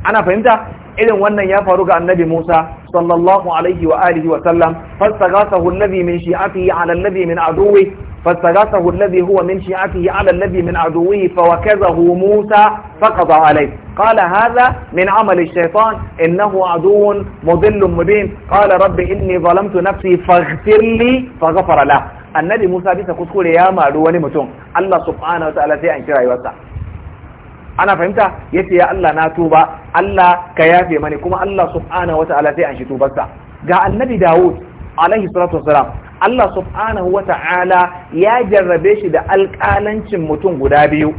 ana fahimta irin wannan ya faru ga annabi Musa sallallahu alaihi wa alihi wa sallam fastaghasahu alladhi min shi'atihi ala alladhi min aduwwihi فاستغاثه الذي هو من شيعته على الذي من عدوه فوكزه موسى فقضى عليه قال هذا من عمل الشيطان إنه عدو مضل مبين قال رب إني ظلمت نفسي فاغفر لي فغفر له النبي موسى بيسا كتكولي يا ما عدواني متون الله سبحانه وتعالى في أن شرعي وسع أنا فهمت يتي يا الله ناتوبة الله كيافي منكم الله سبحانه وتعالى في أن يوسع قال النبي داود عليه الصلاة والسلام Allah subhanahu wa ta'ala ya jarrabe shi da alƙalancin mutum guda biyu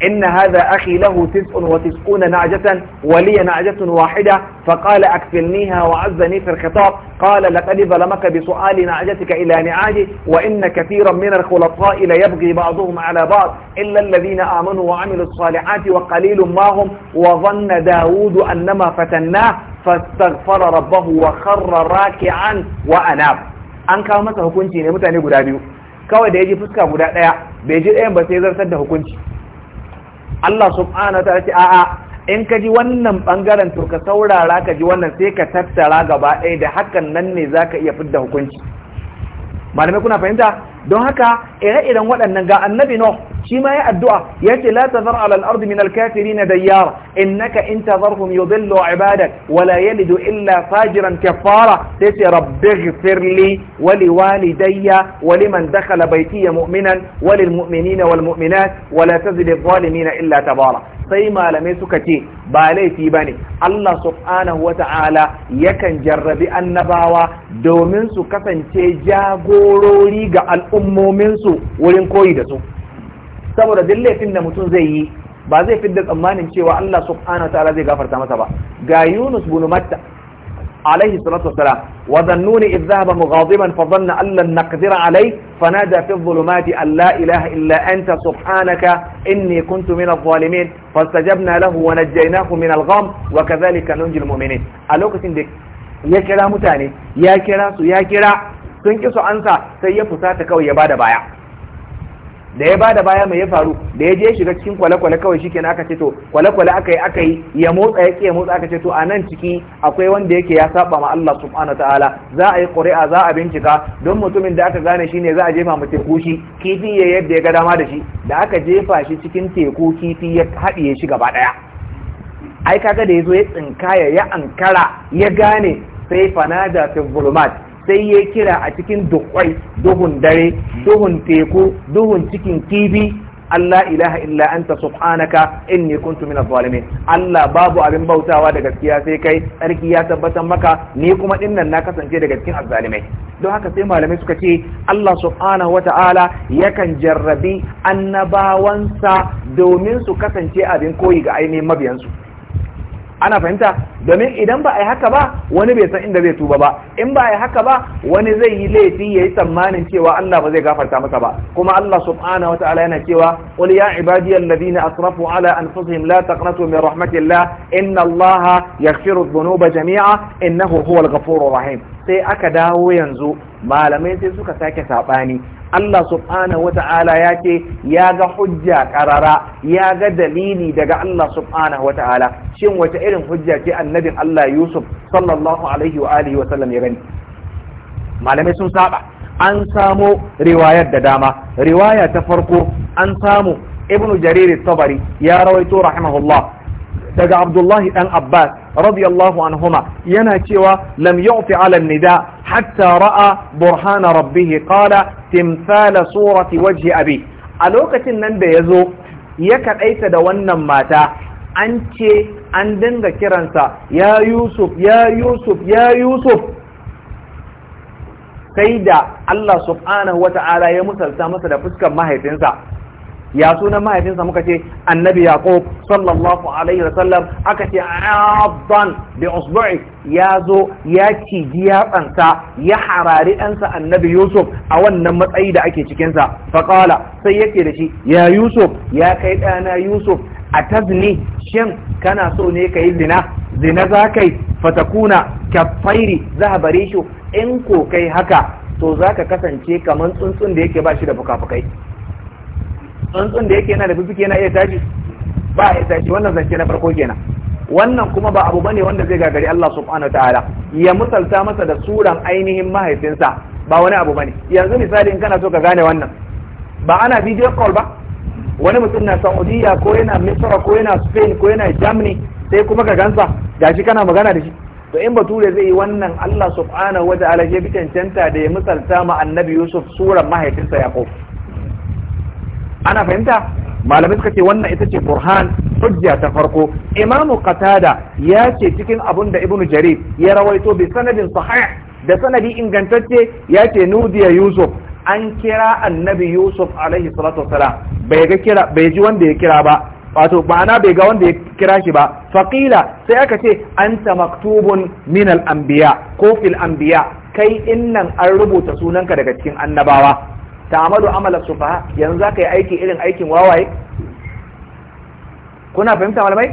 إن هذا أخي له تسع وتسعون نعجة ولي نعجة واحدة فقال أكفلنيها وعزني في الخطاب قال لقد ظلمك بسؤال نعجتك إلى نعاجه وإن كثيرا من الخلطاء ليبغي بعضهم على بعض إلا الذين آمنوا وعملوا الصالحات وقليل ما هم وظن داود أنما فتناه فاستغفر ربه وخر راكعا وأناب an kawo masa hukunci ne mutane guda biyu kawai da ya ji fuska guda ɗaya bai ji ɗayan ba sai zartar da hukunci Allah subhanahu ta'ala ce a'a in ka ji wannan bangaren to ka saurara ka ji wannan sai ka tattara gaba ɗaya da hakan nan ne zaka iya fidda hukunci malamai kuna fahimta don haka ire-iren waɗannan ga annabi no shi ma ya addu'a ya ce la tazar ala al-ardi min al-kafirin dayyar innaka in tazarhum yudillu ibadak wa la yalidu illa fajiran kaffara sai ce rabbighfir li wa li walidayya wa liman dakhala baytiya mu'minan wa lil mu'minina wal mu'minat wa la tazid adh-dhalimina illa tabara sai malamai suka ce ba laifi ba ne Allah subhanahu wa ta'ala yakan jarrabi annabawa domin su kasance jagorori ga al'ummominsu wurin koyi da su saboda duk laifin da mutum zai yi ba zai fi da tsammanin cewa Allah subhanahu wa ta'ala zai gafarta masa ba ga Yunus bin Matta alaihi salatu wassalam wa dhannuni idh dhahaba mughadiban fa dhanna an lan naqdira alayhi فنادى في الظلمات أن لا إله إلا أنت سبحانك إني كنت من الظالمين فاستجبنا له ونجيناه من الغم وكذلك ننجي المؤمنين ألوك سندك يا كرا متاني يا كرا سو يا كرا sun ƙi su ansa sai ya fusata kawai ya bada baya da ya bada baya mai ya faru da ya je shiga cikin kwale-kwale kawai kenan aka ce to kwale-kwale aka yi aka yi ya motsa yake ya motsa aka ce to a nan ciki akwai wanda yake ya saba ma Allah subhanahu ta'ala za a yi ƙuri'a za a bincika don mutumin da aka gane shi ne za a jefa mu teku shi kifi ya yadda ya ga dama da shi da aka jefa shi cikin teku kifi ya haɗiye shi gaba ɗaya ai kaga da ya zo ya tsinkaya ya ankara ya gane sai fanada fi zulumat sai ya kira a cikin dukwai duhun dare duhun teku duhun cikin kibi Allah ilaha illa anta subhanaka inni kuntu minaz zalimin Allah babu abin bautawa da gaskiya sai kai Sarki ya tabbatar maka ni kuma dinnan na kasance daga cikin azzalimai don haka sai malamai suka ce Allah subhanahu wata'ala yakan jarrabi annabawansa domin su kasance abin koyi ga ainihin mabiyansu ana fahimta domin idan ba a yi haka ba wani bai san inda zai tuba ba in ba a yi haka ba wani zai yi laifi ya yi tsammanin cewa Allah ba zai gafarta masa ba kuma Allah subhanahu wataala yana cewa qul ya ibadiyal ladina asrafu ala anfusihim la taqnatu min rahmatillah inna Allah yaghfiru dhunuba jami'a innahu huwal ghafurur rahim sai aka dawo yanzu malamai sai suka sake sabani Allah subhanahu wata'ala ya ce ya ga hujja karara ya ga dalili daga Allah subhanahu wata'ala shin wata irin hujja ce annabin Allah Yusuf sallallahu alaihi wa alihi wa sallam ya gani malamai sun saba an samo riwayar da dama riwaya ta farko an samu ibnu jarir tabari ya rawaito rahimahullah daga abdullahi dan abbas radiyallahu anhuma yana cewa lam yu'ti ala nida hatta ra'a burhana rabbih qala timthala surati waje abi a lokacin nan da ya zo, ya kaɗaita da wannan mata an ce an dinga kiransa ya yusuf ya yusuf ya yusuf sai da Allah subhanahu wata'ala ya musalta masa da fuskar mahaifinsa ya sunan mahaifinsa muka ce annabi yaqub sallallahu alaihi wasallam aka ce abdan bi usbu'i ya zo ya ciji yatsansa ya harari ɗansa annabi yusuf a wannan matsayi da ake cikinsa faƙala sai yake da shi ya yusuf ya kai ɗana yusuf a tazni shin kana so ne kayi zina zina za fatakuna kafairi zahabare in ko kai haka to zaka kasance kamar tsuntsun da yake ba shi da fuka-fukai tsuntsun da yake yana da fifike yana iya tashi ba ya tashi wannan zance na farko kenan wannan kuma ba abu bane wanda zai gagari Allah subhanahu ta'ala ya musalta masa da suran ainihin mahaifinsa ba wani abu bane yanzu misali in kana so ka gane wannan ba ana video call ba wani mutum na Saudiya ko yana Misra ko yana Spain ko yana Germany sai kuma ka gansa gashi kana magana da shi to in bature zai yi wannan Allah subhanahu wa ta'ala ya bi cancanta da ya misalta ma annabi Yusuf suran mahaifinsa Yaqub ana fahimta malamai suka ce wannan ita ce burhan hujja ta farko imamu qatada ya ce cikin abun da ibnu jarir ya rawaito bi sanadin sahih da sanadi ingantacce ya ce nudiya yusuf an kira annabi yusuf alaihi salatu wasalam bai ga kira bai ji wanda ya kira ba wato ma'ana bai ga wanda ya kira shi ba Fakila sai aka ce anta maktubun min al-anbiya ko fil anbiya kai innan an rubuta sunanka daga cikin annabawa ta'amalu amala sufaha yanzu zaka yi aiki irin aikin wawaye kuna fahimta malamai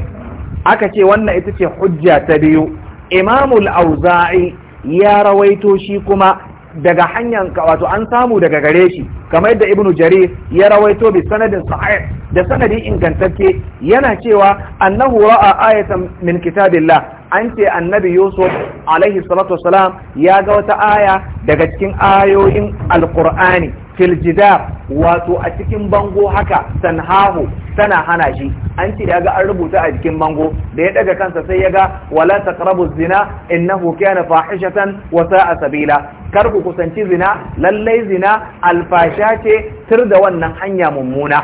aka ce wannan ita ce hujja ta biyu imamul auza'i ya rawaito shi kuma daga hanyar wato an samu daga gare shi kamar yadda ibnu jarir ya rawaito bi sanadin sahih da sanadin ingantacce yana cewa annahu ra'a ayatan min kitabillah an ce annabi yusuf alaihi salatu wasalam ya ga wata aya daga cikin ayoyin alqur'ani filjidar wato a cikin bango haka sanhahu tana hana shi an ce yaga an rubuta a jikin bango da ya daga kansa sai yaga wala taqrabu zina innahu kana fahishatan wa sa'a sabila kar ku kusanci zina lallai zina alfasha ce tir da wannan hanya mummuna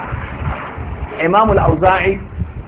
imamul auzai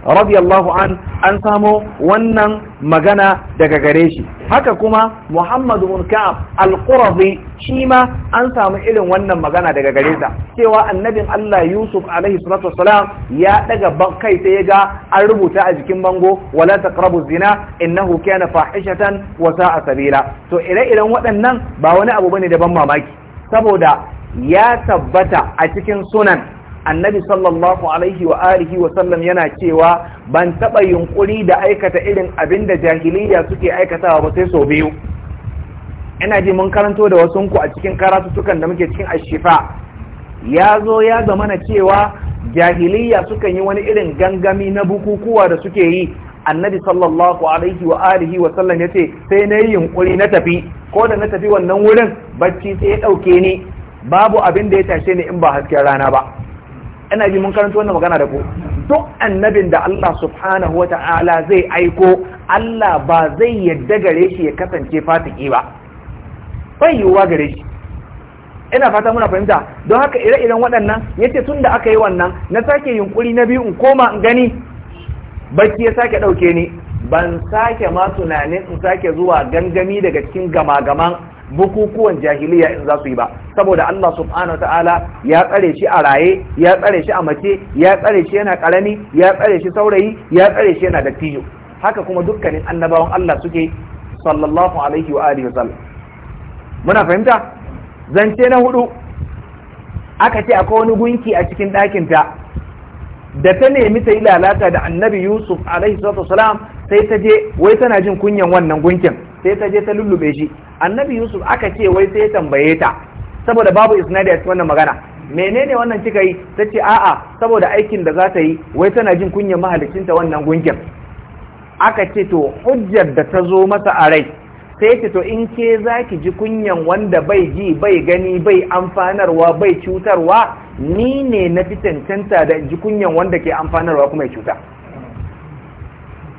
radiyallahu an an samo wannan magana daga gare shi haka kuma muhammadu bin ka'ab al-qurazi shi ma an samu irin wannan magana daga gare sa cewa annabin Allah Yusuf alaihi salatu wassalam ya daga kai sai ya ga an rubuta a jikin bango wala taqrabu zina innahu kana fahishatan wa sa'a sabila to ire-iren waɗannan ba wani abu bane da ban mamaki saboda ya tabbata a cikin sunan annabi sallallahu alaihi wa alihi wa sallam yana cewa ban taba yunkuri da aikata irin abinda da jahiliya suke aikatawa ba sai sau biyu ina ji mun karanto da wasu ku a cikin karatutukan da muke cikin ashifa ya zo ya zamana cewa jahiliya sukan yi wani irin gangami na bukukuwa da suke yi annabi sallallahu alaihi wa alihi wa sallam yace sai na yi yunkuri na tafi ko da na tafi wannan wurin bacci sai ya dauke ni babu abin da ya tashe ni in ba hasken rana ba ina ji mun karanta wannan magana da ku duk annabin da Allah subhanahu ta'ala zai aiko Allah ba zai yadda gare shi ya kasance fatiki ba bai yiwuwa gare shi ina fata muna fahimta don haka ire-iren waɗannan yace tun da aka yi wannan na sake yunkuri na biyu in koma in gani bacci ya sake ɗauke ni ban sake ma tunanin in sake zuwa gangami daga cikin gama-gaman bukukuwan jahiliya in za su yi ba saboda Allah subhanahu ta'ala ya tsare shi a raye ya tsare shi a mace ya tsare shi yana karami ya tsare shi saurayi ya tsare shi yana dattijo haka kuma dukkanin annabawan Allah suke sallallahu alaihi wa alihi muna fahimta zance na hudu aka ce akwai wani gunki a cikin ɗakin ta da ta nemi ta yi lalata da annabi yusuf alaihi salatu wasalam sai ta je wai tana jin kunyan wannan gunkin sai ta je ta lullube shi annabi yusuf aka ce wai sai ya tambaye ta saboda babu isnadi a wannan magana menene wannan kika yi ta ce a'a saboda aikin da za ta yi wai tana jin kunyar mahalicinta wannan gunkin aka ce to hujjar da ta zo masa a rai sai ce to in ke za ki ji kunyan wanda bai ji bai gani bai amfanarwa bai cutarwa ni ne na fi cancanta da ji kunyan wanda ke amfanarwa kuma ya cuta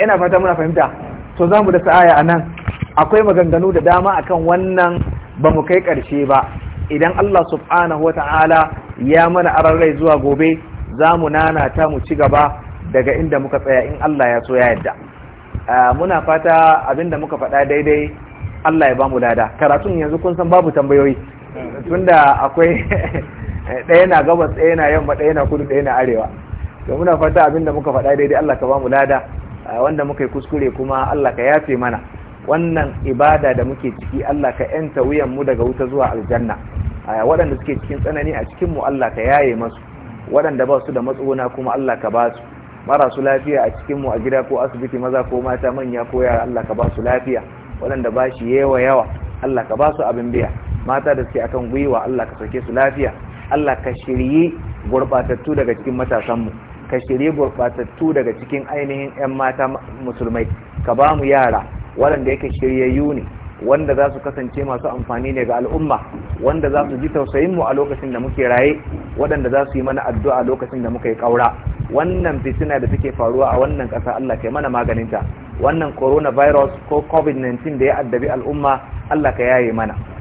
ina fata muna fahimta to za mu da sa'aya a akwai maganganu da dama akan wannan ba mu kai ƙarshe ba idan Allah subhanahu wa ta'ala ya mana ararrai zuwa gobe za mu ta mu ci gaba daga inda muka tsaya in Allah ya so ya yadda muna fata abinda muka faɗa daidai Allah ya ba mu lada karatun yanzu kun san babu tambayoyi tunda akwai *laughs* ɗaya na gabas ɗaya na yamma ɗaya na kudu ɗaya na arewa to muna fata abinda muka faɗa daidai Allah ka ba mu lada wanda muka yi kuskure kuma Allah ka yafe mana wannan ibada da muke ciki Allah ka yanta wuyan mu daga wuta zuwa aljanna waɗanda suke cikin tsanani a cikinmu, mu Allah ka yaye masu waɗanda ba su da matsuguna kuma Allah ka ba su marasu lafiya a cikin a gida ko asibiti maza ko mata manya ko yara Allah ka ba su lafiya waɗanda ba shi yawa yawa Allah ka ba su abin biya mata da suke akan gwiwa Allah ka sake su lafiya Allah ka shirye gurbatattu daga cikin matasanmu ka shirye gurbatattu daga cikin ainihin 'yan mata musulmai ka ba mu yara waɗanda yake shiryayyu ne wanda za su kasance masu amfani ne ga al'umma wanda za su ji mu a lokacin da muke raye waɗanda za su yi mana addu'a lokacin da muka yi ƙaura wannan fitina da take faruwa a wannan ƙasa Allah ke mana maganinta wannan coronavirus ko covid-19 da ya addabi al'umma Allah ka yaye mana